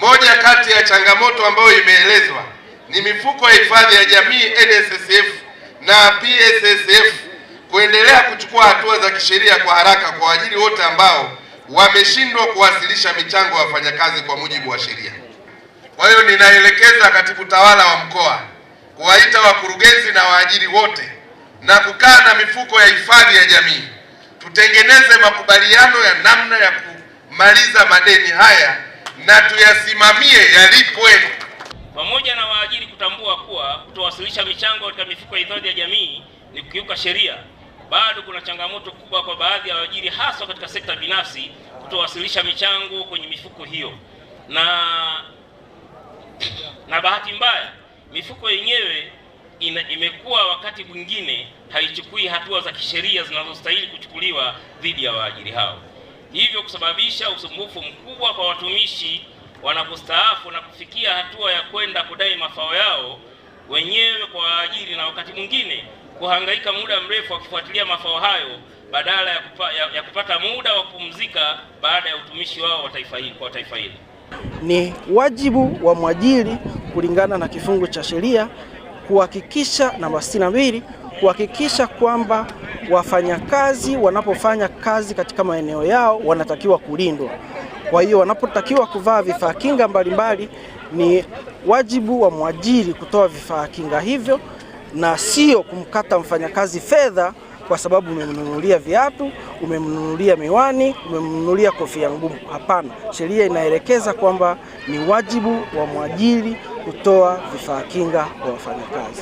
Moja kati ya changamoto ambayo imeelezwa ni mifuko ya hifadhi ya jamii NSSF na PSSF kuendelea kuchukua hatua za kisheria kwa haraka kwa waajiri wote ambao wameshindwa kuwasilisha michango ya wafanyakazi kwa mujibu wa sheria. Kwa hiyo ninaelekeza katibu tawala wa mkoa kuwaita wakurugenzi na waajiri wote na kukaa na mifuko ya hifadhi ya jamii, tutengeneze makubaliano ya namna ya kumaliza madeni haya na tuyasimamie yalipwe. Pamoja na waajiri kutambua kuwa kutowasilisha michango katika mifuko ya hifadhi ya jamii ni kukiuka sheria, bado kuna changamoto kubwa kwa baadhi ya waajiri, hasa katika sekta binafsi, kutowasilisha michango kwenye mifuko hiyo, na na bahati mbaya mifuko yenyewe ina, imekuwa wakati mwingine haichukui hatua za kisheria zinazostahili kuchukuliwa dhidi ya waajiri hao hivyo kusababisha usumbufu mkubwa kwa watumishi wanapostaafu na kufikia hatua ya kwenda kudai mafao yao wenyewe kwa waajiri, na wakati mwingine kuhangaika muda mrefu wakifuatilia mafao hayo badala ya, kupa, ya, ya kupata muda wa kupumzika baada ya utumishi wao wa taifa hili, kwa taifa hili. Ni wajibu wa mwajiri kulingana na kifungu cha sheria kuhakikisha namba sitini na kuhakikisha kwamba wafanyakazi wanapofanya kazi katika maeneo yao wanatakiwa kulindwa. Kwa hiyo wanapotakiwa kuvaa vifaa kinga mbalimbali, ni wajibu wa mwajiri kutoa vifaa kinga hivyo na sio kumkata mfanyakazi fedha kwa sababu umemnunulia viatu, umemnunulia miwani, umemnunulia kofia ngumu. Hapana, sheria inaelekeza kwamba ni wajibu wa mwajiri kutoa vifaa kinga kwa wafanyakazi.